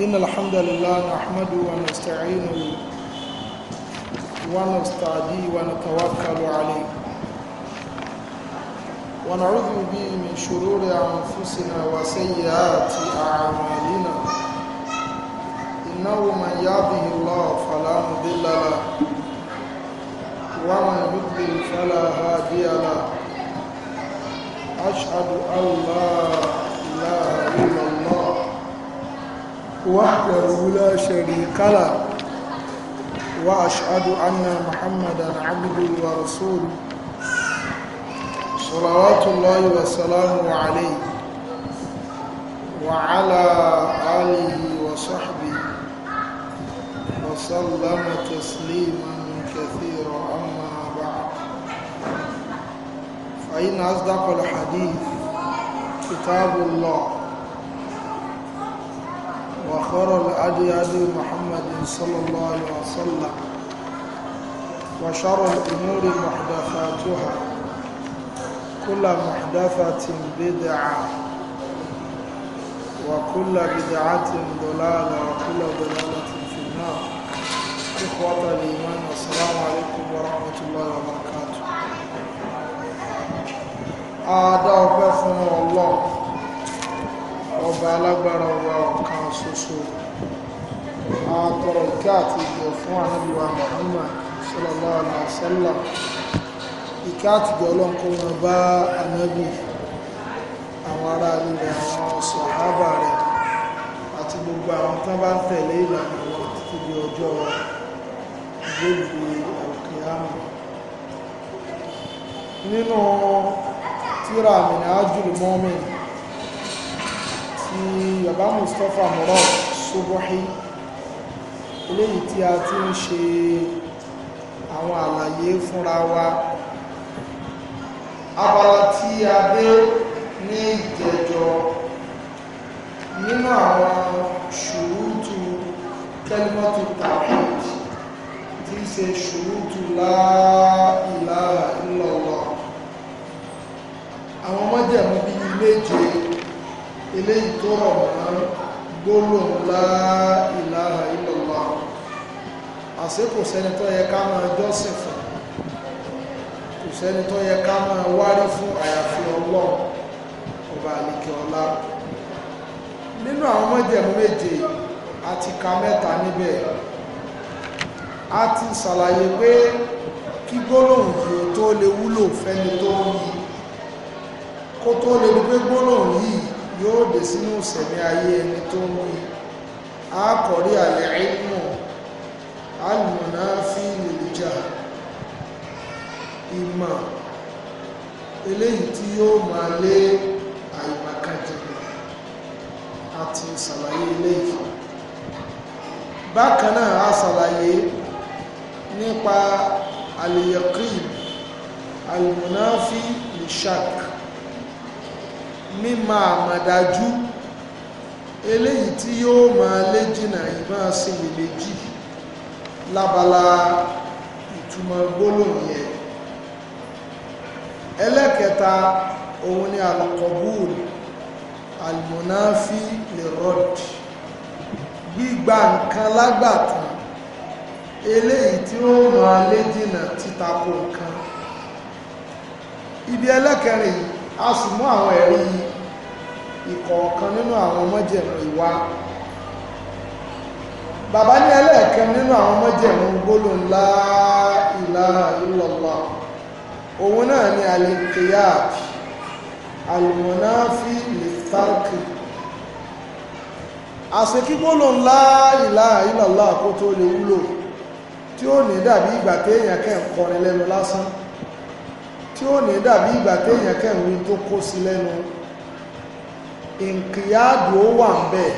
إن الحمد لله نحمده ونستعينه ونستعدي ونتوكل عليه ونعوذ به من شرور أنفسنا وسيئات أعمالنا إنه من يهده الله فلا مضل له ومن يضلل فلا هادي له أشهد أن لا إله وحده لا شريك له وأشهد أن محمدا عبده ورسوله صلوات الله وسلامه عليه وعلى آله وصحبه وسلم تسليما كثيرا أما بعد فإن أصدق الحديث كتاب الله وخير الهدي هدي محمد صلى الله عليه وسلم وشر الأمور محدثاتها كل محدثة بدعة وكل بدعة ضلالة وكل ضلالة في النار إخوة الإيمان السلام عليكم ورحمة الله وبركاته أعداء بفن الله ọba alágbára ọba ṣoṣo àtọ̀rọ̀ ìkẹ́ àti ìgbẹ̀ fún Ànábì wa Muhammad sallallahu alaihi wasallam ìkẹ́ àti ìgbẹ̀ Ọlọ́run kó wọn bá Ànábì àwọn ará ilẹ̀ àwọn sàhábà rẹ̀ àti gbogbo àwọn tán bá ń tẹ̀lé ìlànà wọn ti bàbá Mustapha Murad Subuhi eléyìí tí a ti ń ṣe àwọn àlàyé fúnra wa abala tí a dé ní ìjẹjọ nínú àwọn ṣùrútù kẹlímọ́tù tawhid tí í ṣe ṣùrútù la ilaha àwọn mọ́jẹ̀mú bíi méje eléyìí tó rọ̀ mọ́ gbólóhùn lá ilaha illallah àṣé kò sẹ́ni tó yẹ ká máa jọ́sìn fún kò sẹ́ni tó yẹ ká máa wárí fún àyàfi ọlọ́run ọba àlìkẹ́ ọlá nínú àwọn mọ́jẹ̀mú méje a ti ka mẹ́ta níbẹ̀ a ti ṣàlàyé pé kí gbólóhùn yìí tó lè wúlò fẹ́ni tó ń yí kó tó lè rí pé gbólóhùn yìí yóò dé sínú ìsẹ̀mí ayé ẹni tó ń wí àkọ̀rí àlẹ́ ìmọ̀ alùmọ̀nà fi lèlìjà ìmọ̀ eléyìí tí yóò máa lé àìmọ̀kànjẹ̀mọ̀ àti ìsàlàyé eléyìí bákan náà a sàlàyé nípa àlèyẹ̀kí alùmọ̀nà fi lè mímọ àmọ̀dájú eléyìí tí yóò máa lé jìnà ìmọ̀ sí ìlejì lábala ìtumọ̀ gbólóhùn yẹn ẹlẹ́kẹta òun ni alkọ̀bùl almonafi lerod gbígba nǹkan lágbàtàn eléyìí tí ó máa lé jìnà títako nǹkan ibi ẹlẹ́kẹrin yìí a sì mú àwọn ẹ̀rí ìkọ̀ọ̀kan nínú àwọn mọ́jẹ̀mú ìwá bàbá ní ẹlẹ́ẹ̀kan nínú àwọn mọ́jẹ̀mú gbólóhùn la ilaha illallah òun náà ni alìkìyàtì alìmọ̀náfí lìtàrkì àṣekí gbólóhùn la ilaha illallah kó tó lè wúlò tí ó ní dàbí ìgbà téèyàn kẹ́ ń kọrin lẹ́nu lásán tí ó ní dàbí ìgbà téèyàn kẹrin tó kó sí lẹ́nu ìǹkìyàdù ó wà ń bẹ̀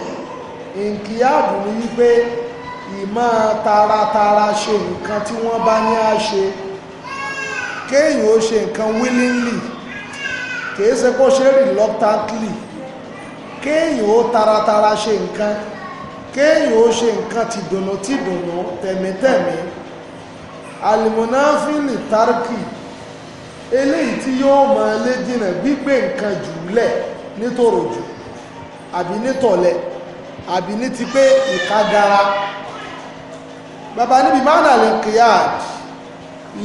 ìǹkìyàdù ni wípé ìmọ̀ taratara ṣe nǹkan tí wọ́n bá ní á ṣe kéèyàn ó ṣe nǹkan willingly kìí ṣe kó ṣe reluctantly kéèyàn ó taratara ṣe nǹkan kéèyàn ó ṣe nǹkan tìdùnnú tìdùnnú tẹ̀mítẹ̀mí alimunafini tarki eléyìí tí yóò mọ̀ lé jìnà gbígbé nǹkan jùlẹ̀ nítòròjù àbí nítọ̀lẹ̀ àbí ní ti pé ìkágara bàbá níbi mánà lè kìyàd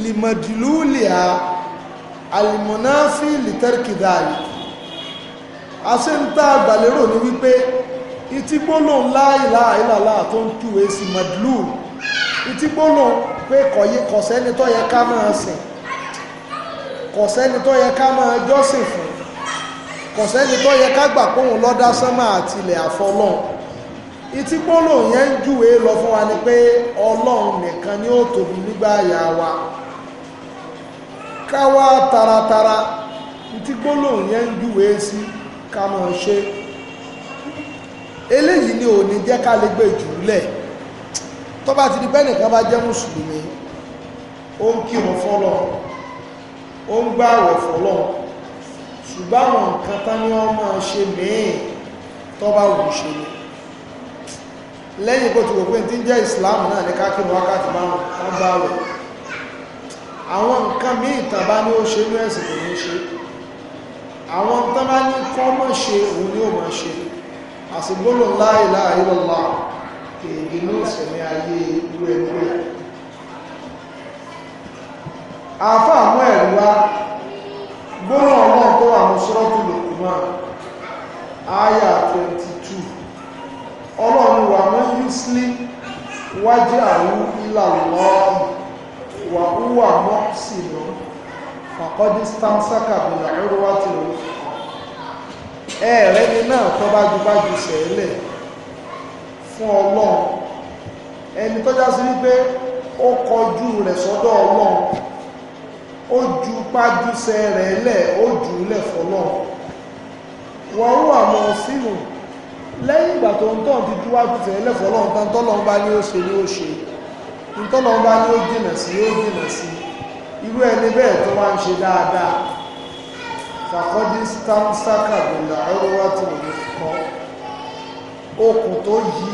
lìmọ̀dìlúlìá alìmọ̀náfí lìtẹ́rìkìdàlì aṣẹ́ntà àgbàlérò ní wípé ìtígbólò ńlá ilaha illallah tó ń kíwèé sí mọ̀dìlú ìtígbólò pé kọ̀yẹ́kọ̀sẹ́ni tó yẹ ká máa sìn kò sẹ́ni tó yẹ ká máa jọ́sìn fún kò sẹ́ni tó yẹ ká gbà pé òun lọ́dá sánmà àtilẹ̀ àfọlọ́n ìtí pọ́lọ̀ yẹn ń júwe lọ fún wa ni pé ọlọ́run nìkan ni ó tóbi nígbà àyà wa ká taratara ìtí pọ́lọ̀ yẹn ń júwe sí ká máa ṣe eléyìí ni ò ní jẹ́ ká lè gbé jùlẹ̀ tó bá ti di pé ẹnìkan bá jẹ́ mùsùlùmí ó ń kírun fọ́lọ́run ó ń gbá àwẹ̀ fọ́lọ́n ṣùgbọ́n àwọn nǹkan tán ní ọmọ ṣe mìí tó bá wù ṣe ni lẹ́yìn kó ti wò pé tí ń jẹ́ ìsìláàmù náà ní kákínú wákàtí márùn ún bá wẹ̀ àwọn nǹkan mí ìtàn bá ní ó ṣe ní ẹ̀sìn kò ní ṣe àwọn tán bá ní kọ́ mọ̀ ṣe òun ni ó mọ̀ ṣe àsìgbólò la ilaha illallah èdè ní ìsẹ̀mí ayé irú ẹgbẹ́ àáfà mú ẹ̀rù wá gbọ́nà ọlọ́run tó wà ní sọ́rọ́tù Luqman àyà 22 ọlọ́run wà mọ́ yúsílì wájú àrùn ilà lọ́ọ̀mù wà húwà mọ́ sí lọ fàkọ́dí stamsaka bìlà ẹrùwá ti lọ ẹ̀ẹ̀rẹ́ ni náà tọ́ bá ju bá ju sẹ́ẹ̀lẹ̀ fún ọlọ́run ẹni tọ́já sí wípé ó kọjú rẹ̀ sọ́dọ̀ ọlọ́run ó ju pájúṣe rẹ̀ lẹ̀ ó jù ú lẹ̀ fọlọ́ wọ́n rú àwọn sínú lẹ́yìn ìgbà tó ń tọ́n ti ju pájúṣe rẹ̀ lẹ̀ fọlọ́ tán tọ́lọ́n bá ní ó ṣe ní ó ṣe tọ́lọ́n bá ní ó jìnà sí ó jìnà sí irú ẹni bẹ́ẹ̀ tó wá ń ṣe dáadáa fàkọ́dí stamsaka bìlà ọrọ̀wá tí mo lè kọ́ okùn tó yí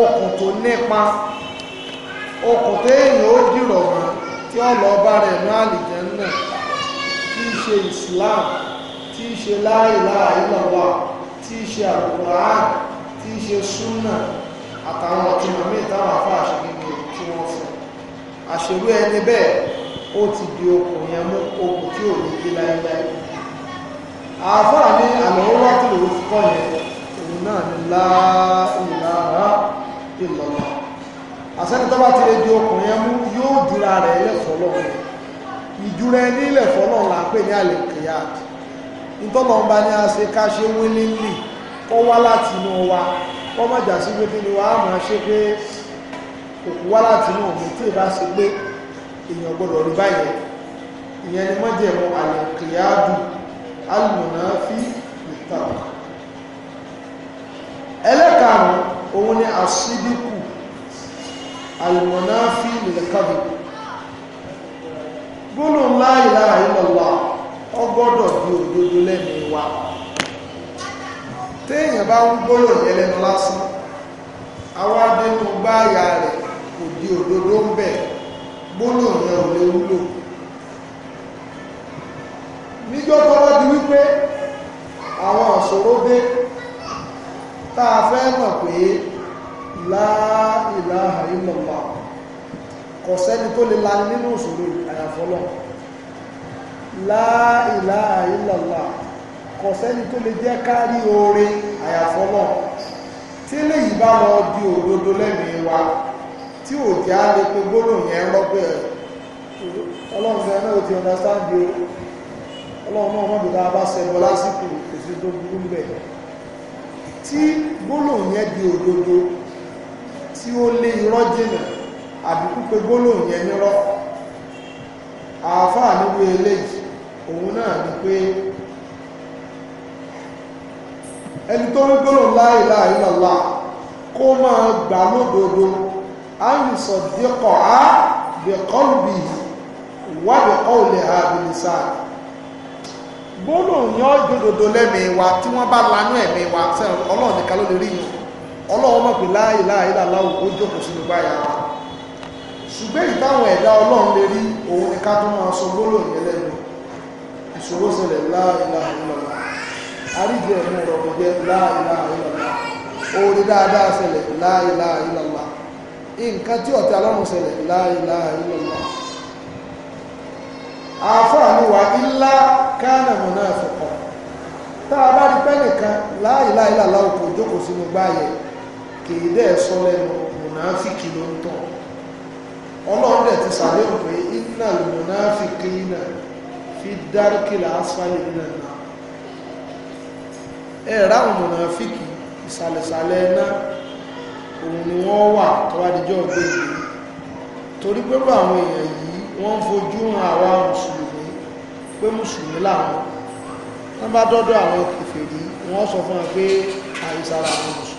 okùn tó nípa okùn tó èèyàn ó dìrọ̀ mọ́ tí ó lọ bá rẹ̀ ní àlìjẹ́nà tí í ṣe islam tí í ṣe la ilaha illallah tí í ṣe àlùkùránì tí í ṣe súnà àtàwọn ọ̀tún mọ̀mí ìtàwọn àfáà àṣẹ gbogbo tí wọ́n fún àṣẹrú ẹni bẹ́ẹ̀ ó ti di okùn yẹn mú tí ò ní gbé láíláí àáfàá ní àlọ́ wá lòó fi kọ́ yẹn òun náà ní la ilaha illallah àsẹ́ni tó bá ti lè di ọkùnrin ẹmú yóò dúra rẹ̀ lẹ́fọ́lọ́ ìdúra ẹni lẹ́fọ́lọ́ là ń pè ní àlè kìyàt ìtọ́nà ọba ni a ṣe ká ṣe wílílì kọ́ wá láti inú wa kọ́ má jà sí pé kí ni wàá máa ṣe pé òkú wá láti inú òun tí ìbá ṣe pé èèyàn gbọ́dọ̀ rí báyẹn ìyẹn ni wọ́n jẹ̀mọ́ àlè kìyàdù alùmọ̀nà fi ìtàn ẹlẹ́karùn òun ni àṣíbíkù alìmọ̀náfí lèkọ́bì gbónú la ilaha illallah ó gbọ́dọ̀ di òdodo lẹ́nu wa téèyàn bá ń gbóyò yẹn lẹ́nu lásán àwa báyà rẹ̀ kò di òdodo ń bẹ̀ gbónú yẹn ò lè wúlò níjọ́ láìláha ìlọ́lá kò sẹ́ni tó lè la nínú ìṣòro àyàfọ́lọ́ láìláha ìlọ́lá kò sẹ́ni tó lè jẹ́ kárí oore àyàfọ́lọ́ tí léyìí bá lọ di òdodo lẹ́mìí wa tí ò jẹ́ á lè pe gbólóhùn yẹn rọ́pẹ́ ọlọ́run fẹ́ náà ti understand bí ọlọ́run náà mọ́bí dáa bá sẹ́bọ lásìkò èsì tó burú bẹ̀ tí gbólóhùn yẹn di òdodo tí ó lé irọ́ jìnà àbíkú pé gbólóhùn yẹn nírọ́ àáfàá níwé eléyìí òun náà ni pé ẹni tó rí gbólóhùn la ilaha illallah kó máa gbà lódodo àyùsọ̀ díkọ̀ á gbólóhùn lẹ́mìí wa bá lanú ẹ̀mí wa ọlọ́ọ̀nìkan ló lè rí yìí ọlọ́run mọ̀ pé láàyè láàyè làláwò ó jókòó sínú báyà wa ṣùgbẹ́ ìtàwọn ẹ̀dá ọlọ́run lè rí òun ni ká tó máa sọ gbólóhùn yẹn lẹ́nu ìṣòro ṣẹlẹ̀ láàyè láàyè lọ́la àríjọ ẹ̀mú ọ̀rọ̀ kò jẹ́ láàyè láàyè lọ́la orí dáadáa ṣẹlẹ̀ láàyè láàyè lọ́la nǹkan tí ọ̀tí alọ́run ṣẹlẹ̀ láàyè láàyè lọ́la àáfàá ni wà ilá kánà mọ̀nà ẹ̀fọ̀kọ̀ tá a bá rí pẹ́ nìkan láàyè láàyè lọ́la òkò jókòó sínú gbáyẹ̀ kìí dẹ́ sọ lẹ́nu mùnáfíkì ló ń tọ̀ ọlọ́run dẹ̀ ti sàlẹ̀ pé iná mùnáfíkì iná fi dárúkìlà asfalẹ̀ iná náà ẹ ráhùn mùnáfíkì ìsàlẹ̀sàlẹ̀ iná òun ni wọ́n wà tó wá dijọ́ gbé yìí torí pé bá àwọn èèyàn yìí wọ́n ń fojú hàn àwa mùsùlùmí pé mùsùlùmí làwọn wọ́n bá dọ́dọ̀ àwọn kèfèrí wọ́n sọ fún wọn pé àìsàrà àwọn mùsùlùmí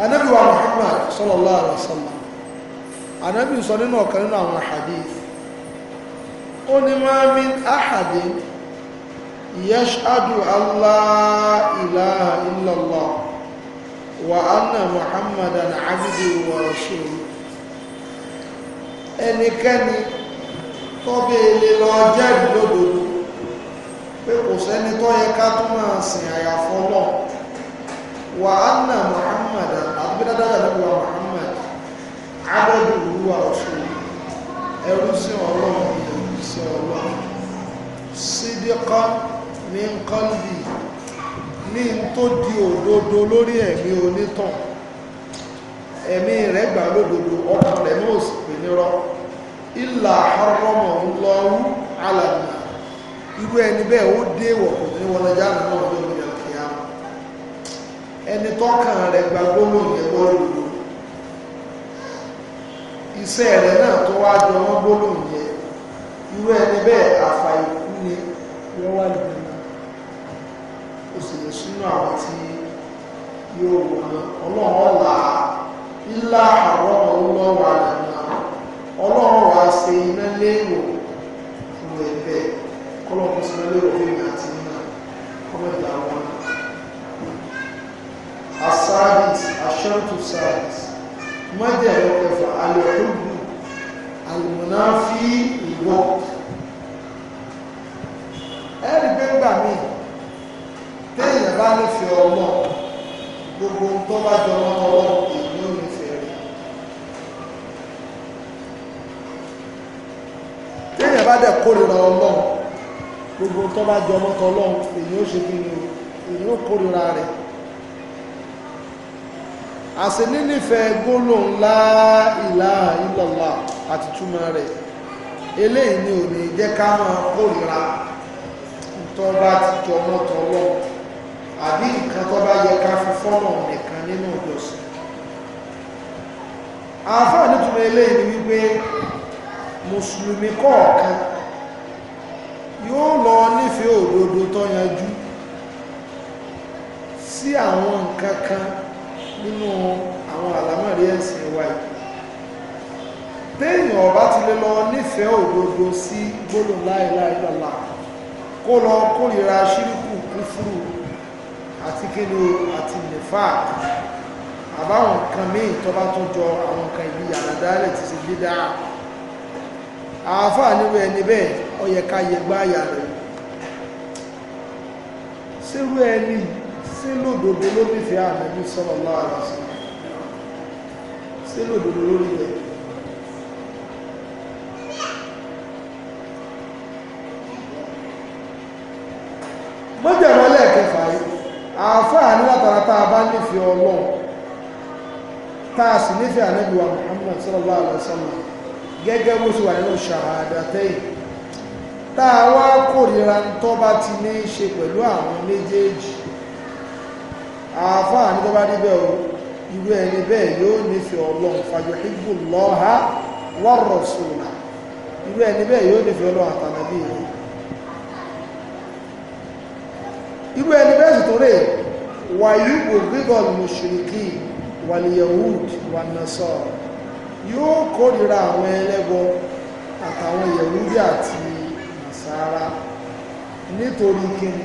anabi wa muhammad sallallahu alaihi wa sallam anabi sọ nínú ọ̀kan nínú àwọn hadith ó ní ma min ahadin yashhadu allah ilaha illallah wa anna muhammadan abduhu wa rasuluhu ẹnikẹ́ni tọ́bẹ̀ ilé lọ jẹ́rìí lódodo pé kò sẹ́ni tó yẹ ká tún máa sìn àyàfọ́ náà wà á nà muhammad àti bí dáadáa lẹ́nu wa muhammad abẹ́dù olúwa ọ̀ṣun ẹrú sí ọlọ́run ìlú sí ọlọ́run sídíkọ́ ní kọ́lbì ní tó di òdodo lórí ẹ̀mí onítàn ẹ̀mí rẹ̀ gbà lódodo ọkàn rẹ̀ ní òsì pè nírọ́ ìlà ọrọ̀mọ̀ ń lọ́rú alàmì irú ẹni bẹ́ẹ̀ ó dé wọ̀kùn ní wọlé jáde náà lórí ẹni tọ́kàn rẹ̀ gbàgbọ́ lóyún ẹ̀kọ́ lòdò iṣẹ́ rẹ̀ náà tó wá jọ wọ́n gbólóhùn yẹ irú ẹni bẹ́ẹ̀ àfà ìkú ni wọ́n wà lóyún ó sì lè súnú àwọn tí yóò wọ̀ náà ọlọ́run là á ńlá àwọn ọlọ́wà lẹ́nà ọlọ́run wà á ṣe iná léèrò fún ẹgbẹ́ kọ́lọ́kùn sí iná léèrò fún ìgbà àti iná kọ́mọ̀dé àwọn ọmọ sadis ashantu sadis májẹ̀rọ kẹfà alẹ́kùnrin alìmọ̀ná fi ìwọ́ ẹ̀rí gbẹ́gbà míì téèyàn bá nífẹ̀ẹ́ ọmọ gbogbo tó bá jọ mọ́ ọlọ́ èyí ò nífẹ̀ẹ́ rẹ̀ téèyàn bá dẹ̀ kórìíra ọlọ́ gbogbo tó bá jọ mọ́ ọlọ́ èyí ò ṣe kí ni èyí ò kórìíra rẹ̀ àṣẹ nínífẹ̀ẹ́ gbólóhùn la ilaha illallah àti túmọ̀ rẹ̀ eléyìí ni ò ní jẹ́ ká máa kórìíra tó bá ti jọ mọ́ tọ́lọ́ àbí nǹkan tó bá yẹ ká fi fọ́nà nìkan nínú ìjọsìn àáfàá nítorí eléyìí ni wípé mùsùlùmí kọ̀ọ̀kan yóò lọ nífẹ̀ẹ́ òdodo tó yanjú sí àwọn nǹkan kan nínú àwọn àlámọ̀rí ẹ̀sìn wa yìí téèyàn ọba ti lè lọ nífẹ̀ẹ́ òdodo sí gbólóhùn láìláì lọ́la kó lọ kórìíra ṣíríkù kúfúrú àti kéde àti nìfà àbáwọn nǹkan míì tó jọ àwọn nǹkan ìbí àdádálẹ̀ ti ṣe gbé dáa àáfàá nírú ẹni bẹ́ẹ̀ ó yẹ ká ẹni yìí sínú òdòdó ló nífẹ̀ẹ́ àmẹ́bí sọ́rọ̀ láàrín sí sínú òdòdó ló nífẹ̀ẹ́ mọ́jẹ̀mọ́ lẹ́ẹ̀kẹfà yìí àáfáà ní látara tá a bá nífẹ̀ẹ́ ọlọ́run tá nífẹ̀ẹ́ wa gẹ́gẹ́ bó ṣe wà nínú tá a wá kórìíra tó bá ti ní í ṣe pẹ̀lú àwọn àáfàá ní tó bá rí bẹ́ẹ̀ o irú ẹni bẹ́ẹ̀ yóò nífẹ̀ẹ́ ọlọ́run fayuhibbullaha wa rasula irú ẹni bẹ́ẹ̀ yóò nífẹ̀ẹ́ ọlọ́run àtànàbí rẹ̀ irú ẹni bẹ́ẹ̀ sì tó rè wàyí ògbégọ̀lù mushriki wàlìyahud wànasọ́rọ̀ yóò kórìíra àwọn ẹlẹ́bọ àtàwọn yahudi àti nasara nítorí kíni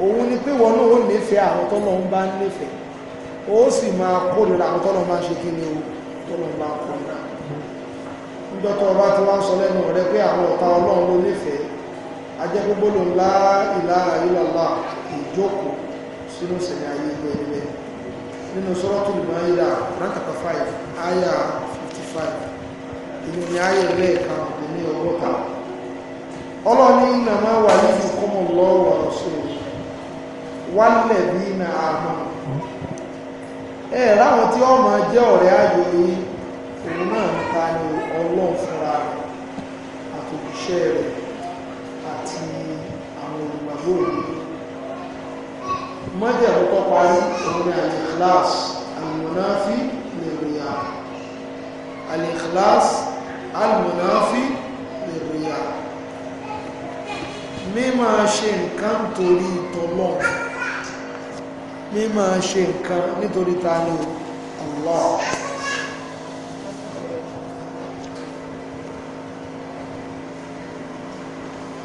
òun ni pé wọn náà ó nífẹ̀ẹ́ àwọn tọ́lọ̀ ń bá nífẹ̀ẹ́ ó sì máa kórìíra àwọn tọ́lọ̀ máa ṣe kí ni o ọba tí wọ́n sọ lẹ́nu rẹ pé àwọn ọ̀tá ọlọ́run ló nífẹ̀ẹ́ ajẹ́ gbogbo ló ń ìlàlá ìjókòó sínú sẹ̀lẹ̀ ayé nínú 5 55 ìlú ni ní ọgọ́ta ìnàmá wà lọ́wọ́ wálẹ̀ bí na àmà ẹ ráwọn tí ọmọ jẹ́ ọ̀rẹ́ ayò yìí òun náà ń ta ni ọlọ́run fúnra rẹ̀ àtòjíṣẹ́ rẹ̀ àti àwọn olùgbàgbọ́ òun mọ́jẹ̀ tó parí òun ni al-ikhlas al-munafi lirriya al-ikhlas al-munafi mímọ ṣe nǹkan nítorí ta ni Allah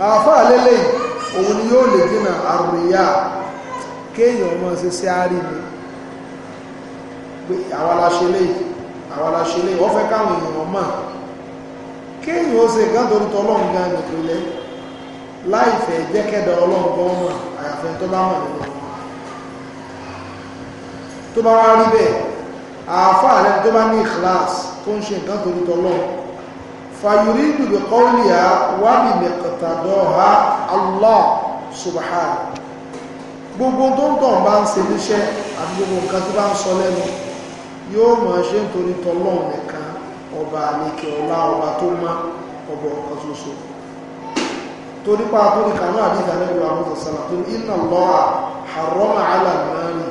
àáfàá lélẹ̀ òun ni yóò lè dínà àrùyá kéèyàn ọmọ ṣe sí àárí ni pé àwọn aláṣẹlẹ̀ àwọn aláṣẹlẹ̀ wọ́n fẹ́ káwọn èèyàn mọ̀ kéèyàn ó ṣe nǹkan torí tọ́lọ́run gan nìpínlẹ̀ láìfẹ́ jẹ́kẹ́dọ̀ ọlọ́run gan mọ̀ àyàfẹ́ tó bá mọ̀ nínú tó bá wá rí bẹ́ẹ̀ àáfàá rẹ tó bá ní ìkìláàs tó ń ṣe nǹkan torí tọ́lọ́ fàyòrí ìdùbí kọ́ọ̀lìyà wà ní mẹ́kọ̀tàdọ́ha Allah subhanahu gbogbo tó ń tàn bá ń ṣe níṣẹ́ àti gbogbo nǹkan tó bá ń sọ lẹ́nu yóò mọ̀ ṣe ń torí tọ́lọ́ nìkan ọba àlekè ọlá ọba tó má ọba ọ̀kan ṣoṣo torí pa àtúnikà náà àdìgbà lẹ́gbẹ̀ẹ́ àwọn ọ̀sán àtúnikà náà lọ́ra harọ́mà alàmì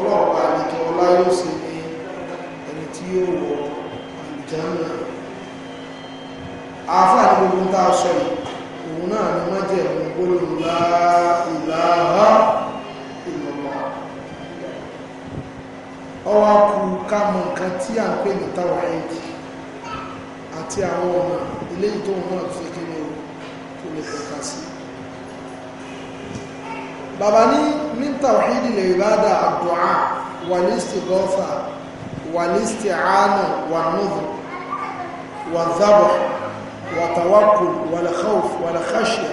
ọlọ́ọ̀pá àdìkẹ́ ọlá yóò ṣe ní ẹni tí yóò wọ àlùjánnà àáfà ní gbogbo tá a sọ yìí òun náà ni má jẹ́ ẹ̀mú gbólóhùn láìláha ìlọ́lọ́ ọwọ́ kú ká mọ nǹkan tí à ń pè ní tàwáìdì àti àwọn ọmọ eléyìí tó ń mọ̀ bàbá ní min tawhidil ibada àdùá wàlísìgọ́fà wàlísìáánà wànúdù wàzábọ̀ wàtàwákùl wàlẹ̀kọ́f wàlẹ̀kọ́ṣẹ̀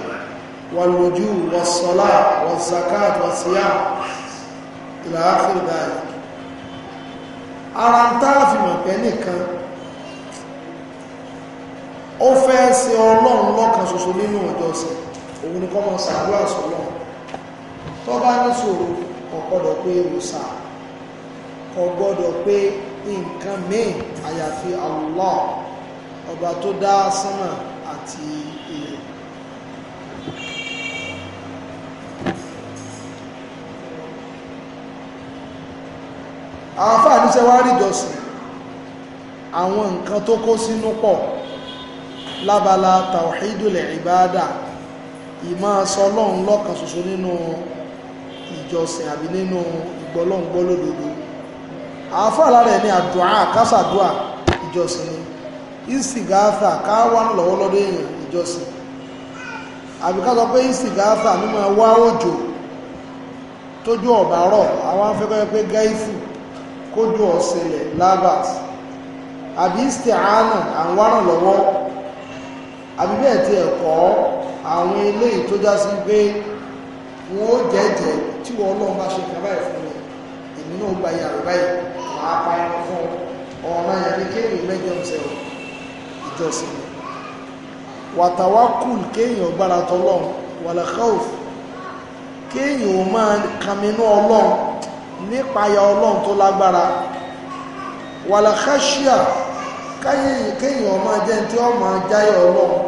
wàlójú wàsọ́lá wàzakat wàsíyá ila akhir dhalik ara ń tá àfihàn pẹ́ nìkan ó fẹ́ ṣe ọlọ́run lọ́kan ṣoṣo nínú ìjọsìn òun ni tó bá níṣòro kò gbọ́dọ̀ pé òòṣà kò gbọ́dọ̀ pé nǹkan míì àyàfi Allah ọba tó dá sánmà àti ilẹ̀ àwọn afáàníṣẹ́ wá rí ìjọsìn àwọn nǹkan tó kó sínú pọ̀ lábala tawhidul ibada ìmá sọlọ́run lọ́kan ṣoṣo nínú ìjọsìn àbí nínú ìgbọ́lọ́ngbọ́ lódodo àáfàá rẹ̀ ní àdúrà kásàdúà ìjọsìn ni ìsìgáàtà ká wà lọ́wọ́ èèyàn ìjọsìn àbí ká sọ pé ìsìgáàtà mímọ wá òjò tójú ọ̀bà rọ̀ àwọn afẹ́kọ́ pé lavas àbí àwọn àbí bẹ́ẹ̀ àwọn eléyìí tó já wọn ó jẹ́jẹ́ tí wọ́n ọlọ́run bá ṣe kan báyìí fún mi èmi náà gba ìyá rẹ̀ báyìí màá pa ẹran fún ọ̀nà yẹn ní kéèyàn mẹ́jọ ṣe ìjọsìn wàtàwákùl kéèyàn gbára tọlọ́run wàlàkáòf kéèyàn ò máa kàmínú ọlọ́run nípayà ọlọ́run tó lágbára wàlàkáṣíà kéèyàn ọmọ jẹ́ tí ọmọ jáyà ọlọ́run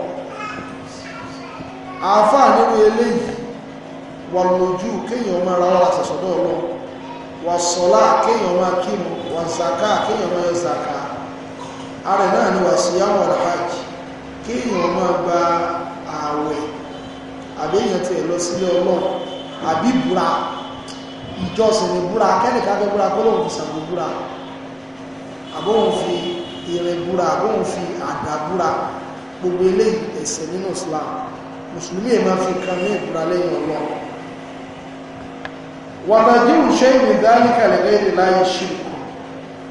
àáfà nínú eléyìí wà lójú kéèyàn máa ra wà sọ̀sọ̀dọ̀ ọlọ́run wà sọ̀lá kéèyàn máa kírun wà zaka kéèyàn máa zaka ààrẹ náà ni wà síyámù wal hajj kéèyàn máa gba ààwẹ̀ àbẹ́yàn tiẹ̀ lọ sílé ọlọ́run àbí búra ìjọsìn ní búra kẹ́nìkan fẹ́ búra kó lóun fi sàgbó búra àbóhun fi irin búra àbóhun fi àdá búra gbogbo eléyìí ẹ̀ṣẹ̀ nínú Islam mùsùlùmí ẹ̀ máa fi kan ní ìbúra lẹ́yìn ọlọ́run wàtàjí òṣè ìdáríkà lẹ́gbẹ́ ìlà iṣẹ́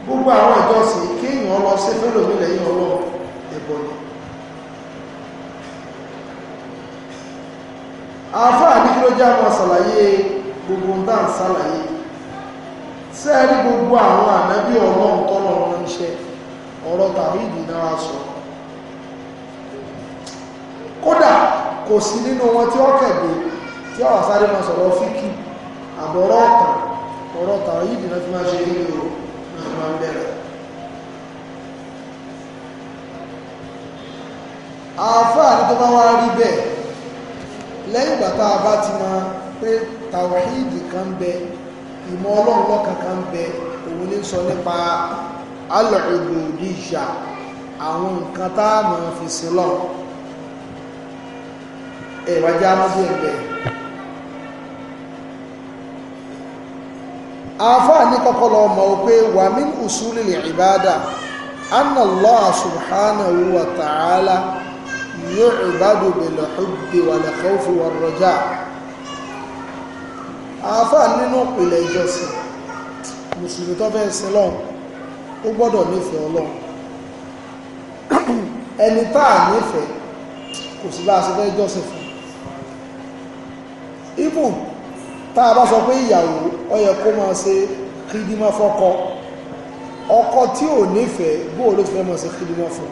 gbogbo àwọn ìjọsìn kéèyàn lọ sí fẹ́lòmí lẹ́yìn ọlọ́run ẹbọ ni àáfàá ní kí ló jẹ́ àwọn ṣàlàyé gbogbo ń dáhùn ṣàlàyé sẹ́ẹ̀rí gbogbo àwọn ànábí ọlọ́run tọ́lọ̀ wọn iṣẹ́ ọ̀rọ̀ tàbí ìdínára sọ kódà kò sí nínú wọn tí ó kẹ̀dé tí ó wà sáré máa sọ̀rọ̀ fíkì àbọ̀rọ̀ ọ̀tàn ọ̀rọ̀ ọ̀tàn yìí dìna fi máa ṣe ilé o náà máa ń bẹ̀rẹ̀ àáfáà ní tó a bá ti máa pé tàwáhídì kan ń bẹ ìmọ̀ ọlọ́run lọ́kan kan ń bẹ òun ní sọ nípa alọ́ọ̀gbòdìṣà àwọn nǹkan tá a fi sílọ̀ ẹ̀rọ ajá mọ́ bí ẹ̀ àáfàá ní kọ́kọ́ lọ mọ̀ ó pé wà mí usúlì lè ìbáadà anna allah subhanahu wa ta'ala yóò ìbádù bil hubbi wal khawfi war raja àáfàá nínú ìpìlẹ̀ ìjọsìn mùsùlùmí tó fẹ́ sin lọ́n ó gbọ́dọ̀ nífẹ̀ẹ́ ọlọ́run ẹni tá à nífẹ̀ẹ́ kò sí bá a ṣe fẹ́ jọ́sìn fún ibù tá a bá sọ pé ó yẹ kó máa ṣe kídímọ́ fọ́kọ ọkọ tí ò nífẹ̀ẹ́ bóò ló fẹ́ máa ṣe kídímọ́ fún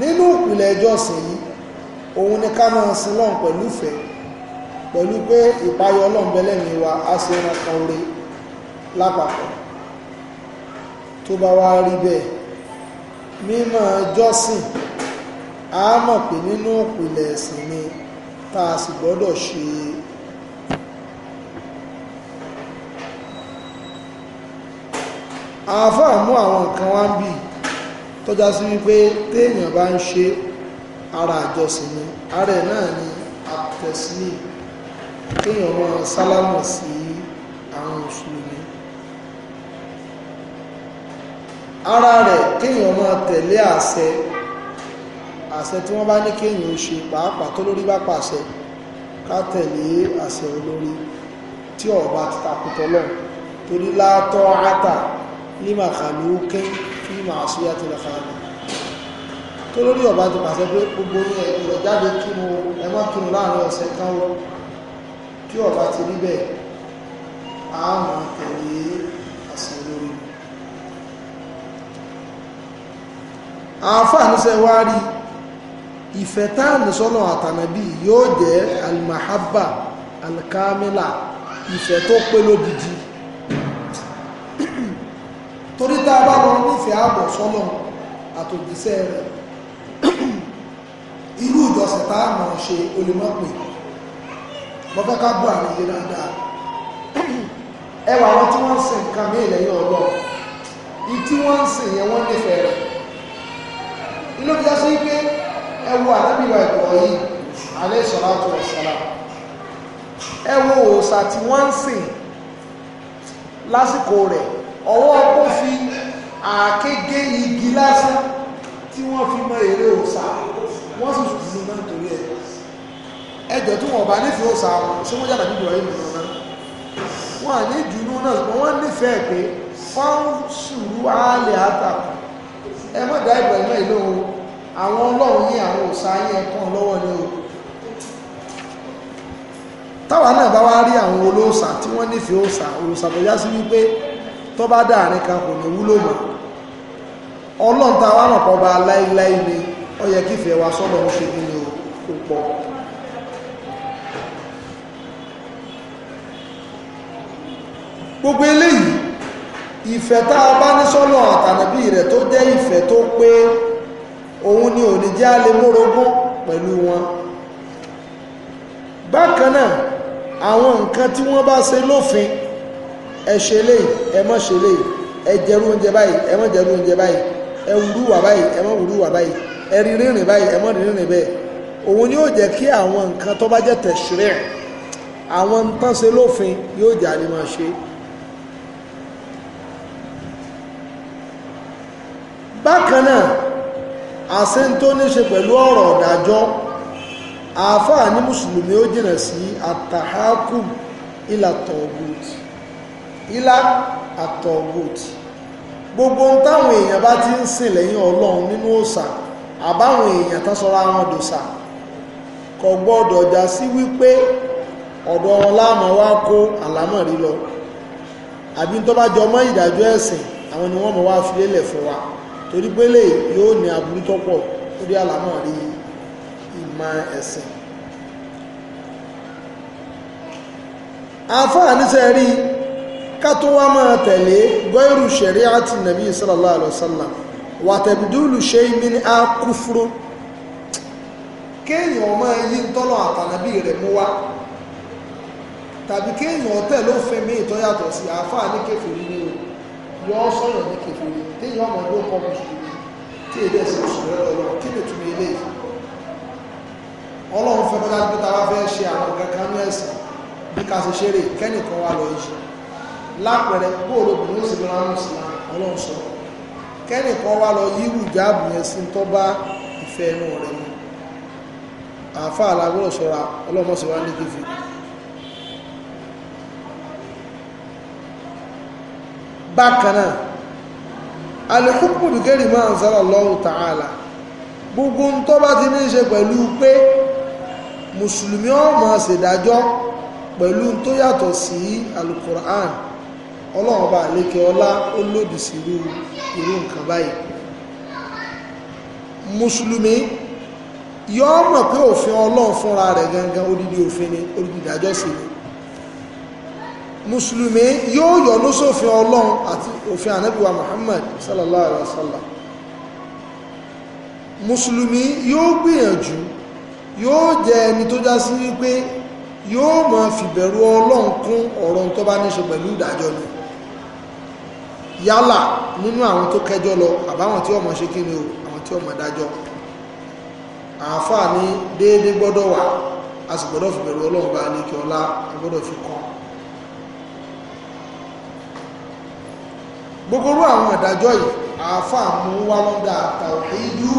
nínú ìpìlẹ̀ ìjọsìn yìí òun ni ká máa sin lọ́n pẹ̀lú ìfẹ́ pẹ̀lú pé ìpayọ ọlọ́m̀bẹ́lẹ̀ mi wa á ṣe ẹranko rẹ lápapọ̀ tó bá wá rí bẹ́ẹ̀ mímọ̀ jọ́sìn a mọ̀ pé nínú ìpìlẹ̀ ẹ̀sìn ni tá a sì gbọ́dọ̀ ṣe é àáfàá mú àwọn nǹkan wá ń bì tọ́já sí wípé téèyàn bá ń ṣe ara àjọsìn ni ara ẹ̀ náà ni àtẹ̀sílì kéèyàn máa sálámọ̀ sí àwọn mùsùlùmí ara rẹ̀ kéèyàn máa tẹ̀lé àṣẹ àṣẹ tí wọ́n bá ní kéèyàn ṣe pàápàá tó lórí bá pàṣẹ ká tẹ̀lé àṣẹ olórí tí ọba ti takùtọ̀ lọ torí látọ́ átà limakhaluqin fi ma'siyatil khaliq tó lórí ọba ti pàṣẹ pé gbogbo ẹ̀rọ jáde kínú ẹmọ́ kínú láàrin ọ̀sẹ̀ kan wọ́n tí ọba ti rí bẹ́ẹ̀ a mọ̀ tẹ̀lé àṣẹ lórí àáfàá níṣẹ́ wá rí ìfẹ́ táàmì sọ́nà àtànàbí yóò jẹ́ almahabba alkamila ìfẹ́ tó pé lódìdí torí tá a bá lọ nífẹ̀ẹ́ àbọ̀ sọ́lọ̀ àtòjíṣẹ́ rẹ̀ irú ìjọsìn tá a mọ̀ ṣe olùmọ̀pẹ̀ mo fẹ́ ká bọ̀ àrùn yìí dáadáa ẹ wà wọn tí wọ́n ń sìn nǹkan mí ìlẹ́yìn ọ̀rọ̀ ìtí wọ́n ń sìn yẹn wọ́n nífẹ̀ẹ́ rẹ̀ inú bí a ṣe pé ẹ wo àdábìwà ìgbọ̀ yìí alẹ́ ìṣọ̀láàtò ọ̀sálà ẹ wo òòṣà tí wọ́n ń sìn lásìkò rẹ̀ ọwọ́ kó fi àkége igi lásán tí wọ́n fi mọ èrè òsà wọ́n sì sùn sínú náà torí ẹ̀ ẹjọ́ tí wọ́n bá nífẹ̀ẹ́ òsà wọn ṣé wọ́n yàrá nídìí ọ̀rẹ́ ìmọ̀ náà wọ́n à ní ìdùnnú náà ṣùgbọ́n wọ́n nífẹ̀ẹ́ pé fáwọn sùúrù àálẹ̀ àtàkùn ẹ mọ̀ dá ìgbà ìmọ̀ ìlú o àwọn ọlọ́run yín àwọn òsà yín ẹ̀kan lọ́wọ́ ni o táwa náà bá wá rí àwọn olóòsà tí wọ́n nífẹ̀ẹ́ òsà òsà tó yá sí wípé tó bá dáàrin kan kò ní wúlò mọ́ ọlọ́run tá a wá ràn kọba láíláí ni ó yẹ kí ìfẹ́ wa sọ́dọ̀ ń ṣe nínú púpọ̀ gbogbo eléyìí ìfẹ́ tá a bá ní sọ́nà àtànàbí rẹ̀ tó jẹ́ ìfẹ́ tó pé òun ni ò ní jẹ́ a lè mórogún pẹ̀lú wọn bákan náà àwọn nǹkan tí wọ́n bá ṣe lófin ẹ ṣe léyìí ẹ má ṣe léyìí ẹ jẹrú oúnjẹ báyìí ẹ má jẹrú oúnjẹ báyìí ẹ wúrú wà báyìí ẹ má wúrú wà báyìí ẹ rí rírìn báyìí ẹ má rí rírìn bẹ́ẹ̀ òun ni yóò jẹ́ kí àwọn nǹkan tó bá jẹ́ tẹ̀sírẹ̀ àwọn tán lófin yóò jẹ́ àlè máa ṣe. bákan náà àṣẹ ní ṣe pẹ̀lú ọ̀rọ̀ ọ̀dájọ́ àáfàá ní mùsùlùmí ó jìnà sí àtàhákù ìlà tọ̀gùtì ilá àtọ̀gòtì gbogbo ohun táwọn èèyàn bá ti ń sìn lẹ́yìn ọlọ́run nínú òòṣà àbáwọn èèyàn tán sọra wọn dòṣà kò gbọ́dọ̀ já sí wípé ọ̀dọ̀ wọn láàmú wá kó àlámọ̀ rí lọ àbí tó bá jọ mọ́ ìdájọ́ ẹ̀sìn àwọn ni wọ́n mọ̀ wá fi lélẹ̀ fún wa torí pé lè yóò ní aburú tó pọ̀ lórí àlámọ̀ rí ìmọ̀ ẹ̀sìn àfáà níṣẹ́ rí i ká tó wá máa tẹ̀lé gọ́ìrù ṣẹ̀rí àti nàbí sallallahu alaihi wasallam wàtẹ̀bìdúlù ṣe ìmí ní a kú fúró kéèyàn máa yí tọ́lọ̀ àtànàbí rẹ̀ mú wá tàbí kéèyàn tẹ̀ ló fẹ́ mí ìtọ́ yàtọ̀ sí àáfàá ní kèfèrí ní o yọ ọ́ sọ̀rọ̀ ní kèfèrí téèyàn ọmọ ló kọ́ mùsùlùmí tí èdè ẹ̀sìn mùsùlùmí rẹ̀ lọ kí lè túnbí ilé ọlọ́run fẹ́ bọ́lá pé ta bá fẹ́ ṣe àwọn kankan ní ẹ̀sìn bí ká ṣe ṣeré kẹ́nìkan wà lọ yìí lápẹẹrẹ bóòrò obìnrin ó sì máa ń sìn ọlọ́run sọ kẹ́nì kan wá lọ yírù ìjáàbù yẹn sí tó bá ìfẹ́ inú rẹ̀ mu àáfà alágbọ́dọ̀ ṣọ́ra ọlọ́mọ sì wá ní kífi. bákan náà alẹ́kùnkùn bìkẹ́rì máa ń sára Allahu ta'ala gbogbo ń tó bá ti ní ṣe pẹ̀lú pé mùsùlùmí ó ṣèdájọ́ pẹ̀lú tó yàtọ̀ sí alukur'an ọlọ́run ọba àlékè ọlá ó lòdì sí irú irú nǹkan báyìí mùsùlùmí yóò mọ̀ pé òfin ọlọ́run fúnra rẹ̀ gangan odidi òfin ni odidi ìdájọ́ sí ni mùsùlùmí yóò yọ̀nú sófin ọlọ́run àti òfin ànábìwá Muhammad sallallahu alaihi wa sallam mùsùlùmí yóò gbìyànjú yóò jẹ ẹni tó já sí wípé yóò máa fìbẹ̀rù ọlọ́run kún ọ̀rọ̀ tó bá ní ṣe pẹ̀lú ìdájọ́ ni yálà nínú àwọn tó kẹjọ lọ àbáwọn tí ọmọ ṣe kí ni o àwọn tí ọmọ dájọ́ àáfàá ní déédéé gbọ́dọ̀ wà a sì gbọ́dọ̀ fi bẹ̀rù ọlọ́run bá ní kí ọlá a gbọ́dọ̀ fi kàn gbogbooru àwọn àdájọ́ yìí àáfàá mú wá lọ́dà tàwíìdú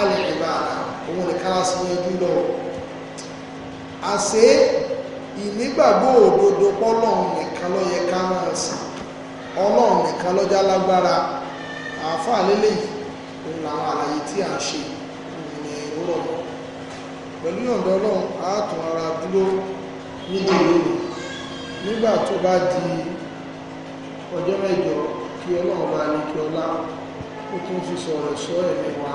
alẹ́ ìbára òun nìkan sí ẹjú lọ àṣé ìnígbàgbọ́ òdodo pọ́lọ́run nìkan ló yẹ ká máa sìn ọlọ́run nìkan lọ́jà lágbára àáfàá lélẹ́yìí òun làwọn àlàyé tí a ń ṣe ìrìnà ìrọ̀rọ̀ pẹ̀lú yọ̀ǹda ọlọ́run ara dúró níbi ìlú nígbà tó bá di ọjọ́ mẹ́jọ kí ọlọ́run bá ní kí ọlá ó tún fi sọ̀rọ̀ sọ ẹ̀mí wa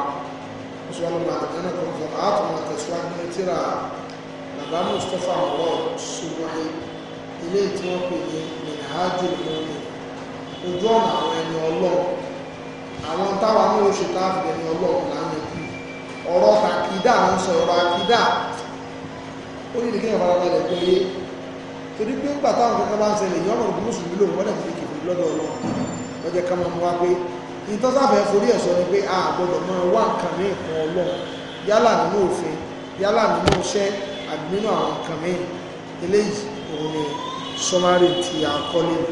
kan àátùn Mustapha ilé wọ́n pè ní ojú ọ̀nà àwọn ẹni ọlọ́run àwọn táwa ní oṣù táàbù ẹni ọlọ́run láwọn ẹbí ọ̀rọ̀ àkídà àwọn sọ ọ̀rọ̀ àkídà ó ní ìdíkẹ́ ìfara balẹ̀ pé yé torí pé ń pàtàkì kankan bá ń ṣẹlẹ̀ yọ́nà òbí mùsùlùmí lòun wọ́n dẹ̀ fi kìkì lọ́dọ̀ ọlọ́run lọ́jọ́ ká máa mú wá pé ìtọ́sáfẹ́ forí ẹ̀sọ́ ni pé a gbọ́dọ̀ máa wá nǹkan ní ìkan ọlọ́run yálà nínú òfin yálà nínú iṣẹ́ àbí nínú àwọn nǹkan mìíràn eléyìí òun ni sọmárì ti àkọlé mi.